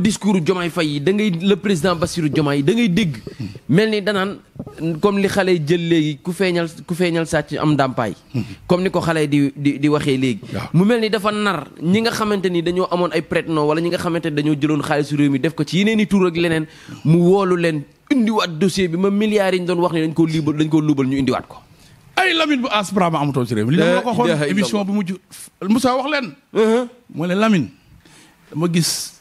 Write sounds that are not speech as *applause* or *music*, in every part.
discours Diomaye Faye yi da ngay le président Bassirou Diomaye da ngay dégg mel ni danaan comme li xale yi jël léegi ku feeñal ku feeñal sàcc am ndàmpaay comme ni ko xale yi di di di waxee léegi mu mel ni dafa nar ñi nga xamante ni dañoo amoon ay prête-nom wala ñi nga xamante ni dañoo jëloon xaalisu réew mi def ko ci yeneen i tuur ak leneen mu woolu leen indiwaat dossier bi ma milliards yi ñu doon wax ne dañ ko liibal dañ koo luubal ñu indiwaat ko ay Lamine bu asprama amatoon ci réew mi li ma ko xool wax leen uh-huh. moo leen gis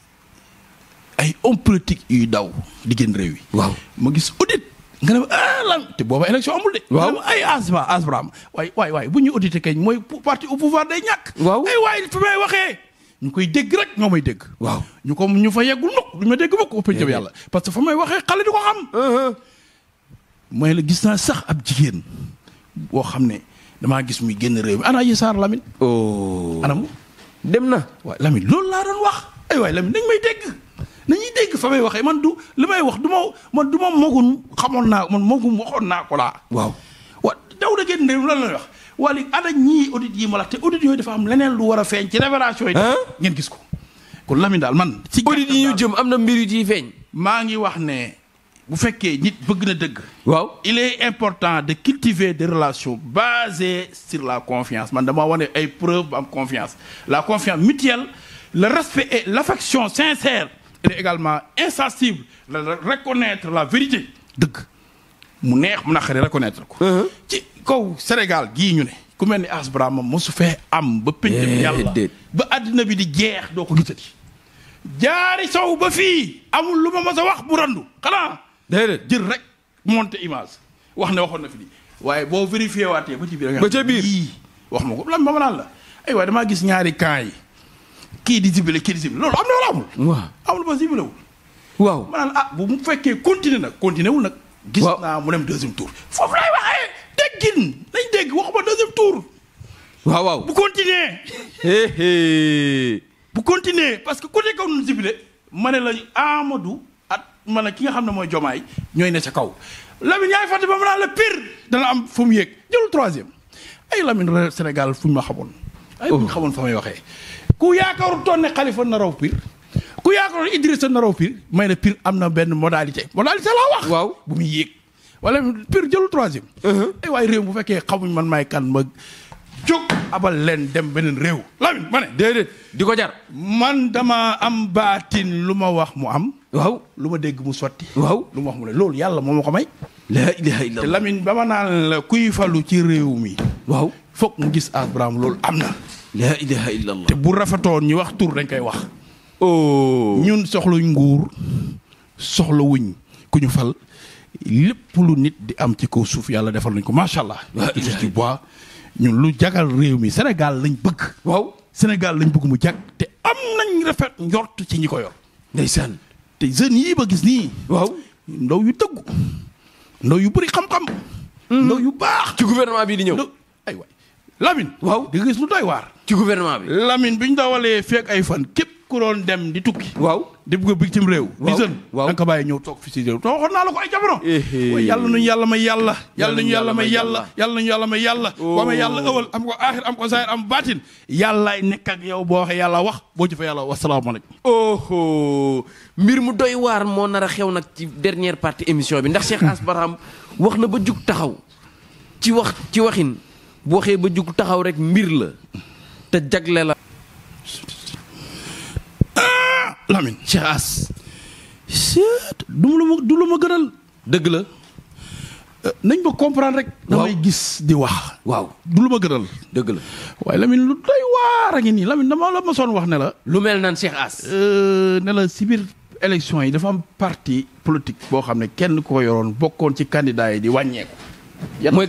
ay homme politique yuy daw di génn réew yi. waaw ma gis audit. nga ne ah lan te booba élection amul de. waaw ay asma waay waay waay bu ñuy audité kañ mooy parti au pouvoir day ñàkk. waaw ay waay fi koy dégg rek ñoo may dégg. waaw ñu ko ñu fa yeggul ndox duñu ma dégg ba ko eh, eh. yàlla parce que fa may waxee xale mooy eh, la gis naa sax ab jigéen xam ne damaa gis muy génn réew ana Adji Sarr Lamine. oh dem na. waay loolu laa doon wax ay waay Lamine nañ may dégg. nañuy dégg fa may waxee man du li may wax du ma man du ma mogum xamoon naa man mogum waxoon naa ko laa. waaw wa daw da ngeen lan la wax wala ana ñii audit yi te audit dafa am leneen lu war a feeñ ci révélation yi. ngeen gis ko kon Lamine daal man. ci audit yi ñu jëm am na mbir yu ciy feeñ. maa ngi wax ne. bu fekkee nit bëgg na dëgg. waaw il est important de cultiver des relations base sur la confiance man dama wane ay preuves ba am confiance la confiance mutuelle le respect et l'affection sincère. il est également insensible de la vérité dëgg mu neex mu naqari reconnaître ko uh-huh. ci kaw Sénégal gii ñu ne ku mel ni Ass Barham mosu fee am ba pénc bi eh, yàlla ba àddina bi di jeex doo ko gisati jaari sow ba fii amul lu ma mos wax bu randu xanaa déedéet jël rek monté image wax ne waxoon na fi di waaye boo vérifié waatee ba ci biir ba ca biir wax ma ko lan ba ma naan la damaa gis ñaari camp yi kii di zibilé kii di zibilé loolu am na wala amul. waaw amul ba zibilé waaw ma naan ah bu mu fekkee continuer nag continuer wul nag. gis naa mu dem deuxième tour. foofu lay waxee eh, déggin lañ dégg waxuma deuxième tour. waaw waaw bu continuer. bu continuer parce que ku nekkoon nu zibilé ma ne la Amadou at ma ki nga xam ne mooy Jomaay ñooy ne ca kaw. Lamine yaay fàtte ba mu naan la dana am fu mu yéeg jëlul troisième ay Lamine Sénégal fu ñu ma xamoon. ay bu ñu oh. xamoon ku yaakaaru toon ne Khalifa na raw ku yaakaaroon Idrissa na raw pire may na pire am na benn modalité modalité laa wax. waaw bu mu yéeg. wala pire jëlul troisième. ay uh-huh. eh waay réew bu fekkee xamuñ man may kan ma jóg abal leen dem beneen réew. Lamine ma ne. déedéet di ko jar. man dama am baatin lu ma wax mu am. waaw lu ma dégg mu sotti. waaw lu ma wax mu ne loolu yàlla moo ma ko may. la ilaha illallah te Lamine ba ma naan la kuy falu ci réew mi. waaw foog mu gis Abraham loolu am na. la ilaha illallah te bu rafetoon ñu wax tur dañ koy wax. oh ñun soxluñ nguur soxlawuñ ku ñu fal lépp lu nit di am ci kaw suuf yàlla defal nañ ko macha allah. ci bois ñun lu jagal réew mi Sénégal lañ bëgg. waaw Sénégal lañ bëgg mu jag te am nañ rafet njort ci ñi ko yor. ndeysaan te jeunes yii ba gis nii. waaw ndaw yu dëggu ndaw yu bëri xam-xam. Mm-hmm. ndaw yu baax. ci gouvernement bii di ñëw ay Lamine. waaw di gis lu doy waar. ci gouvernement bi. Lamine bi ñu dawalee feeg ay fan képp ku doon dem di tukki. waaw di bëgg bitim réew. waaw di sën da nga ko bàyyi ñëw toog fi si réew. te waxoon naa la ko ay jamono. Eh, eh. yàlla nañu yàlla may yàlla. yàlla nañu yàlla may yàlla yàlla nañu yàlla may yàlla. Oh. boo may yàlla ëwal am ko aaxir am ko saayir am baatin. yàllaay nekk ak yow boo waxee yàlla wax boo jëfee yàlla wasalaamaaleykum. oh mbir mu doy waar moo nar a xew nag ci dernière partie émission bi ndax Cheikh Ass Barham wax na ba jug taxaw ci ci waxin bu waxee ba jug taxaw rek mbir la te jagle la. lamin ah, Lamine. Cheikh As. du ma du lu ma gënal. dëgg la. Euh, nañ ma comprendre rek. damay gis di wax. waaw du lu ma gënal. dëgg la waaye Lamine lu doy waar a ngi nii Lamine dama la ma soon wax ne la. lu mel nan Cheikh As. Euh, ne la si biir élection yi dafa am parti politique boo xam ne kenn ko yoroon bokkoon ci candidat yi di wàññeeku. mooy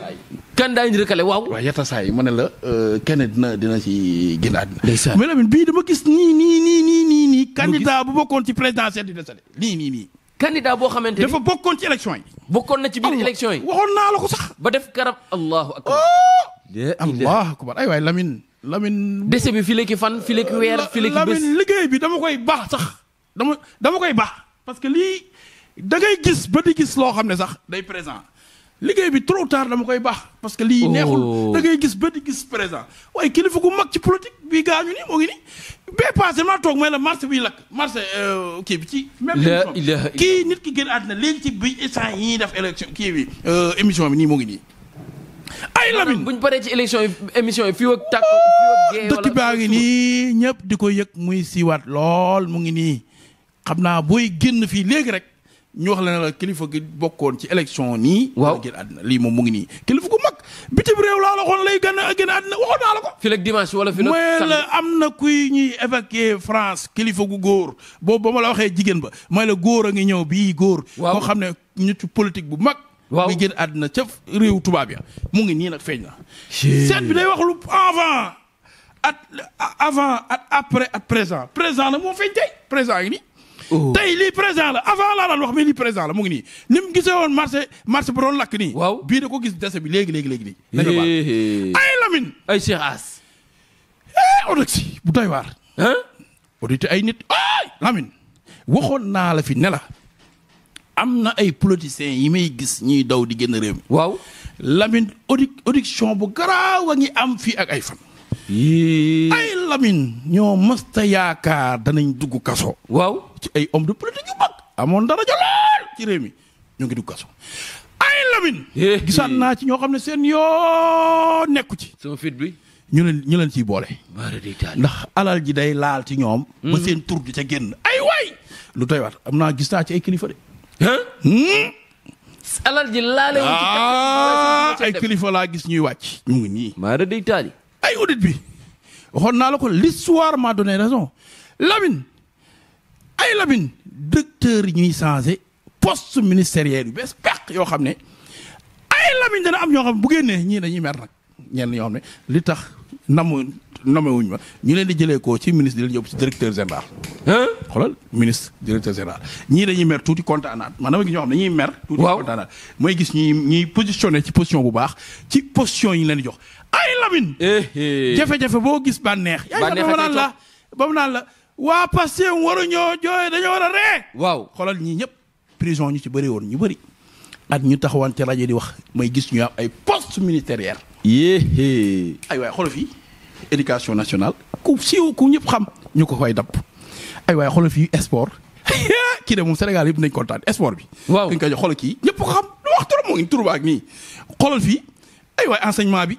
kan daañu rëkkale waaw. waaw yatta saa yi ma ne la euh, kenn dina dina ci génn àddina. ndeysaan mais Lamine bii dama gis nii nii nii nii nii nii. candidat bu bokkoon ci présidentielle di desale nii nii nii. candidat boo xamante ni dafa bokkoon ci élection yi. bokkoon na ci biir élection yi waxoon naa la ko sax. ba def karab allahu akbar. Oh! allahu akbar ay waay lamin Lamine dese bi fii la fan fii la weer fii la ki bés. liggéey bi dama koy baax sax dama dama koy baax parce que lii dangay gis ba di gis loo xam ne sax day présent. liggéey bi trop tard dama koy baax parce que li neexul oh. da ngay gis ba di gis présent waaye kilifa gu mag ci politique bii gaañu ni moo ngi ni bee passé maa toog may la marché biy lakk marché euh, kii bi ci même kii nit ki gën àddina léegi ci bi instant yi def élection kii bi euh, émission bi nii moo ngi nii ay Lamine buñ paree ci élection yi émission yi fi ak tàkk ah, dëkk baa ngi nii ñëpp di ko yëg muy siiwaat lool mu ngi nii xam naa booy génn fii léegi rek ñu wax la ne la kilifa gi bokkoon ci élection nii. waaw gën àddina lii moom mu ngi nii kilifa gu mag bitim réew laa la xoon lay gën a gën a àddina waxoon naa la ko. fii ak dimanche wala fii am na kuy ñuy France kilifa gu góor boobu ba la waxee jigéen ba mooy la góor a ngi ñëw bii góor. waaw xam ne ñetti politique bu mag. waaw bi gën àddina ca réew tubaab ya mu ngi nii nag feeñ na. seet bi day wax lu avant at avant at après at présent présent nag moo feeñ tey présent yi nii. tey lii présent la avant laa daan wax mais lii présent la mu ngi nii ni mu gisee woon marché marché bu doon lakk nii. waaw bii da ko gis dese bi léegi léegi léegi. na nga ay Lamine. ay Cheikh As. ay nit waxoon naa la fi ne la. am na ay politiciens yi may gis ñuy daw di génn réew mi. waaw lamin audi audition bu garaaw a ngi am fii ak ay fan. ay Lamine ñoo mësta yaakaar danañ dugg kaso. waaw. ci ay homme de politique mag amoon daraja lool ci réew mi ñoo ngi dugg kaso ay Lamine. gisaat naa ci ñoo xam ne seen yoo nekku ci. sama fit ñu leen ñu leen ciy boole. ndax alal ji day laal ci ñoom. ba hmm. seen tur di ca génn ay waay lu doy waat am naa gis naa ci ay kilifa de. Hmm? Ah, alal ji laale wu ci ay kilifa laa gis ñuy wàcc. ñu ngi nii. mara day ay audit bi waxoon naa la ko l'histoire m'a donné raison Lamine. ay Lamine directeur yi ñuy changé poste ministériel yu bees peq yoo xam ne ay Lamine dana am ñoo xam bu génnee ñii dañuy mer nag ñenn ñoo ne li tax nam namu wuñ ma ñu leen di jëlee koo ci ministre di leen yóbbu ci directeur général. xoolal ministre directeur général ñii dañuy mer tuuti kontaanaat man dama gis ñoo xam ne dañuy mer. tuuti kontaanaat mooy gis ñuy ñuy positionné ci position bu baax ci position yi ñu leen jox ay Lamine. Eh, eh. jafe-jafe boo gis bànneex. bànneex yaa ngi la. waa Pastef waruñoo jooy dañoo war a ree waaw xoolal ñii ñëpp prison ñu ci bëri woon ñu bëri ak ñu taxawante rajo di wax may gis ñu am ay poste militaire yéehée ay waay xoolal fi éducation national ku siiw ku ñëpp xam ñu ko fay dapp ay waay xoolal fii sport *laughs* kii de moom Sénégal yëpp nañ kontaan sport bi waaw kañ ko kii ñëpp ko xam lu wax turam ngi turam ak nii xoolal fii ay waay enseignement bi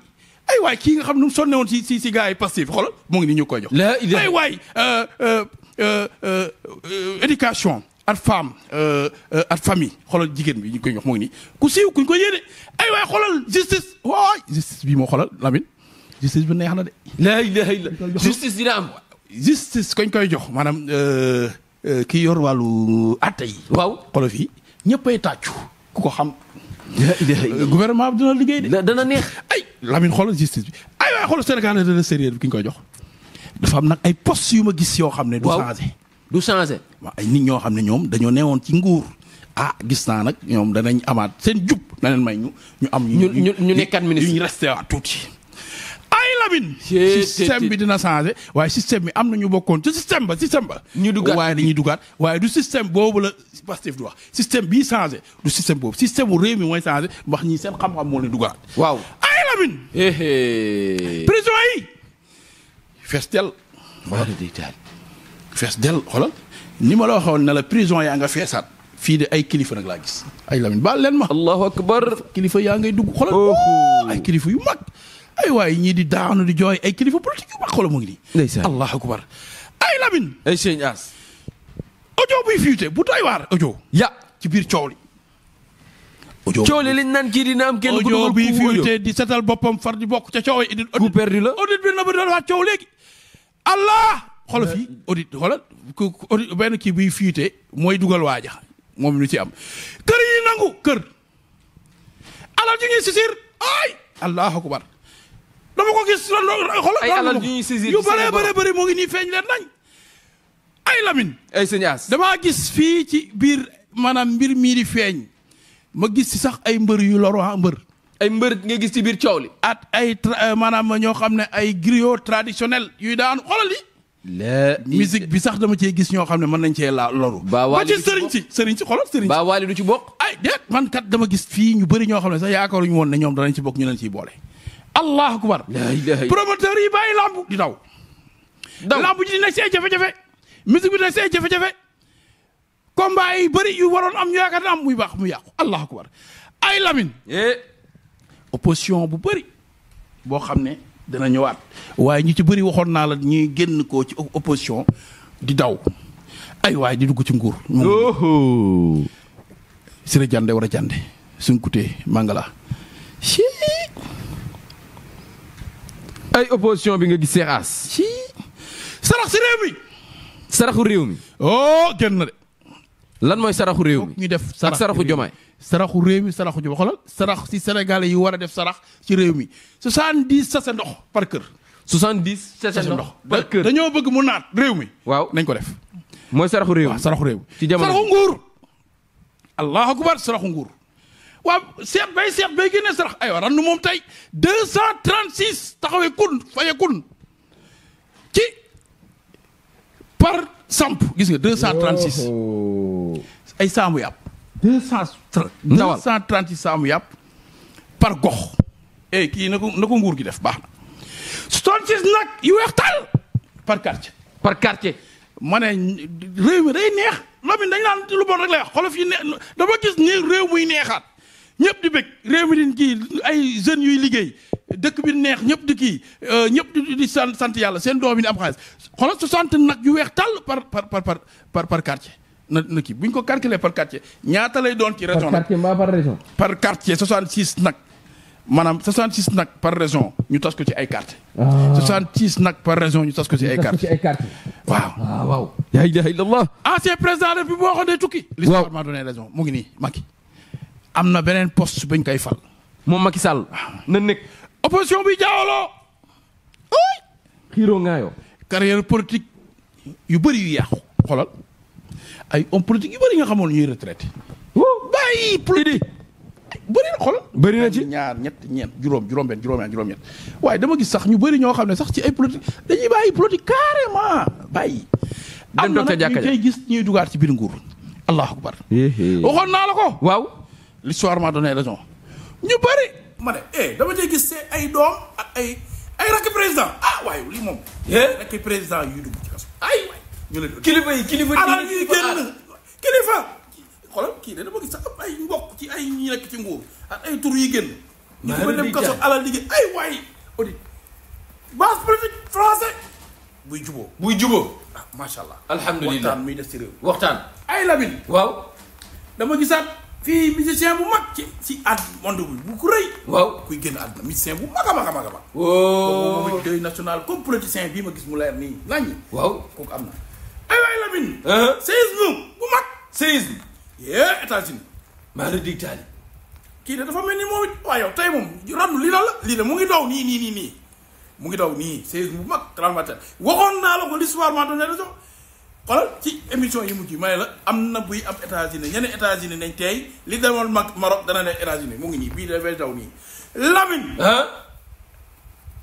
ay waay kii nga xam nu mu sonne woon si si si gars yi passif xoolal mu ngi ni ñu koy jox. ay waay euh, euh, euh, éducation at femme at famille xoolal jigéen bi ñu koy jox moo ngi nii ku siiw kuñ ko yéene ay waay xoolal justice waay justice bii bi neex na de. laa ilaaha illa justice dina am. justice koñ koy jox maanaam kii yor wàllu àtte yi. waaw xoolal fii ñëppay tàccu ku ko xam. *laughs* gouvernement bi dina liggéey de. dana neex. ay Lamine xoolal justice bi ay waay xoolal Sénégal ne dana sérieux bi ki ñu koy jox. dafa xam nag ay postes yu ma gis yoo xam ne. du changé du changé. waaw ay nit ñoo xam ne ñoom dañoo newoon ci nguur. ah gis naa nag ñoom danañ amaat seen jub. na leen may ñu ñu am. ñu ñu ñu nekkaat ministre ñu reste waat tuuti. ay Lamine. système bi dina changé waaye système bi am na ñu bokkoon ci système ba système ba. ñu duggaat waaye duggaat waaye du système boobu la Pastef di wax système bii changé du système boobu système bu réew mi mooy changé wax ñi seen xam-xam moo leen duggaat. waaw ay Lamine. Eh, eh. prison yi. fees dell. xoolal ni ma la waxoon ne la prison yaa nga feesaat. fii de ay kilifa nag laa gis ay Lamine baal leen ma. kilifa yaa ngay dugg xoolal. ay kilifa yu mag. ay waay ñii di daanu di jooy ay kilifa politique yu mag xoolal mu nii. ndeysaan akbar ay Lamine. ay Sëñ As. audio buy fuité bu doy waar audio. ya ci biir coow li. audio coow li liñ naan kii dina am kenn ku dugal audio buy fuité di setal boppam far di bokk ca coow yi. audit ku perdu la audit eh. benn kii buy fuité mooy dugal waaja moom lu ci am. kër yi nangu kër. alal ju ñuy sisir ay allahu akbar dama ko gis lan loo ay alal yu ñuy saisir yu bëree bëri bëri moo ngi nii feeñ leen nañ. ay Lamine. ay damaa gis fii ci biir maanaam mbir mii di feeñ ma gis si sax ay mbër yu loro ah mbër. ay mbër nga gis ci biir coow li. at ay euh, maanaam ñoo xam ne ay griot traditionnel yuy daan xoolal yi. la bi sax dama cee gis ñoo xam ne mën nañ cee la loru. ba ci sëriñ si sëriñ si xoolal sëriñ si. ba waali du ci bokk. ay déet man kat dama gis fii ñu bëri ñoo xam ne sax yaakaaruñu woon ne ñoom danañ ci bokk ñu leen ciy boole. allahu akbar promoteur yi bàyyi lamb di daw lamb ji di nekk si ay jafe-jafe musique bi nekk si ay jafe-jafe combat yi bëri yu waroon am ñu yaakaar ne am muy baax mu yàqu allahu akbar ay lamin opposition bu bëri boo xam ne dana ñëwaat waaye ñu ci bëri waxoon naa la ñuy génn koo ci opposition di daw ay waaye di dugg ci nguur sira jande war a jande suñ kutee mangala ay opposition bi nga gis seexaas sarax si réew mi saraxu réew mi oh génn na de lan mooy saraxu réew mi ñu def ak saraxu jomaay saraxu réew mi saraxu jomaay xoolal sarax si sénégalais yi war a def sarax ci réew mi soixante-dix sase ndox par kër soixante-dix sase ndox par kër dañoo bëgg mu naat réew mi waaw nañ ko def mooy saraxu réew mi saraxu réew mi ci jamono saraxu nguur allahu akbar saraxu nguur waaw seet bay seet bay génnee sarax aywa randu moom tey deux cent trente six taxawee kun fayee kun ci par samp gis nga deux cent trente six ay saamu yàpp deux cent trente six saamu yàpp par gox eh kii na ko na ko nguur gi def baax na soixante six nag yu weex taal par quartier par quartier ma ne réew mi day neex loolu dañ naan lu bon rek lay wax xolof yi ne dafa gis ni réew muy neexaat ñëpp di bëgg réew mi di kii ay jeunes yuy liggéey dëkk bi neex ñëpp di kii euh, ñëpp di di sant yàlla seen doom yi di am xaalis xoolal 60 nag yu weex tàll par par par par par quartier. na na kii bu ñu ko par quartier ñaata lay doon ci région. par par région. par quartier 66 nag maanaam 66 nag par région ñu tas ko ci ay quartier. 66 ah. nag par région ñu tas ko ci ay. quartier ñu tas ko ci ay quartier. waaw ah, waaw. yaa ilaaha illallah. ancien président de bi boo waxoon day tukki. waaw l'histoire m'a donné raison mu ngi nii Macky. am na beneen post bañ koy fal. moom Macky Sall. na nekk. opposition bi jaawaloo. xiiroo ngaayoo. carrière politique yu bëri yu yàqu. xoolal ay homme politique yu bëri nga xamoon ñuy retraité. na xool. bëri na ci ñaar ñett ñeen juróom juróom benn juróom juróom ñett waaye dama gis sax ñu bari ñoo xam ne sax ci ay politique dañuy bàyyi politique carrément bàyyi. dem docteur Diakhaté am na nag ñu koy gis ñuy dugaat ci biir nguur. allahu akbar. waxoon naa la ko waaw. l'histoire m'a donné raison ñu bëri ma ne eh, dama cee gis see ay doom ak ay ay rakki président ah waaye lii moom eh? rakki président yuy dugg ay kilifa yi kilifa alal yuy génn kilifa kii de dama gis sax ci ay ñi ci nguur ak ay tur yi génn ñu dem kaso alal ay waay buy juboo buy juboo ah macha allah alhamdulilah ci réew waxtaan ay labin waaw dama gisaat fii musicien bu mag ci ci at monde bi bu ku rëy. waaw kuy génn àdduna musicien bu mag a mag a mag a mag. woo kooku deuil national comme politicien bii ma gis mu leer nii naññi. waaw kooku am na. ay waay Lamine. Uh-huh. séisme bu mag. séisme. yee États-Unis. maa la dig taali. kii de dafa mel ni moom it waaye yow tey moom randu lii la la lii de mu ngi daw nii nii nii nii mu ngi daw nii séisme bu mag 30 waxoon naa la ko l'histoire maa doon ne raison. xoolal ci émission yi mujj yi may la am na buy am États-Unis ñeneen États-Unis nañ tey li demoon mag Maroc dana ne États-Unis mu ngi nii bii dafay daw nii Lamine.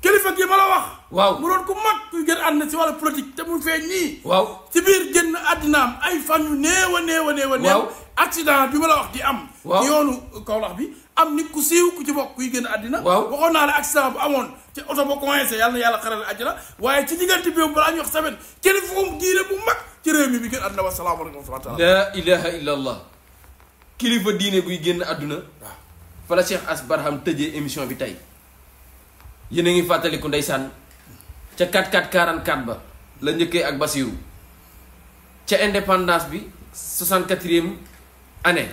kilifa gi ma la wax. waaw mu doon ku mag kuy gën àddina si wàllu politique te mu feeñ nii. waaw si biir génn àddinaam ay fan yu néew a néew a néew a néew. accident bi ma la wax di am. waaw yoonu Kaolack bi. am nit ku siiw ku ci bokk kuy génn àddina waaw waxoon naa la accident bu amoon ci oto ba commencé yàlla na yàlla xaral àjjana waaye ci diggante bi balaa ñu wax semaine kenn foom diine bu mag ci réew mi bi génn àddina wasalaamaaleykum wa rahmatulah laa ilaha illa kilifa diine guy génn àdduna waaw fala Cheikh As Barham tëjee émission bi tey yéen a ngi fàttaliku ndeysaan ca 44 44 ba la njëkkee ak Basiru ca indépendance bi 64e année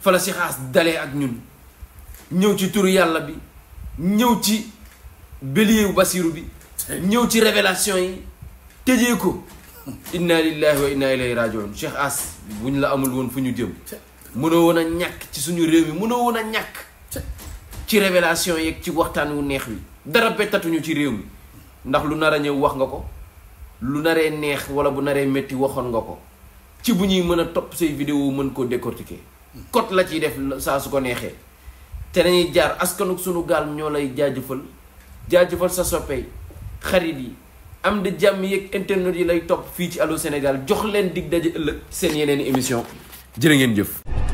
fa la si dalee ak ñun ñëw ci turu yàlla bi ñëw ci bélier wu bi ñëw ci révélation yi tëjee ko inna lillahi wa inna ilayhi rajiun Cheikh bu ñu la amul woon fu ñu jëm mënoo woon a ñàkk ci suñu réew mi mënoo woon a ñàkk ci révélation yeeg ci waxtaan wu neex wi dara bettatuñu ci réew mi ndax lu nar a ñëw wax nga ko lu naree neex wala bu naree métti waxoon nga ko ci bu ñuy mën a topp say vidéo mën koo décortiquer kot la ciy def saa su ko neexee te dañuy jaar askanuk sunu gaal ñoo lay jaajëfal jaajëfal sa soppey xarit yi am di jàmm yeeg internet yi lay topp fii ci àllu Sénégal jox leen dig daje ëllëg seen yeneen i émission jërë ngeen jëf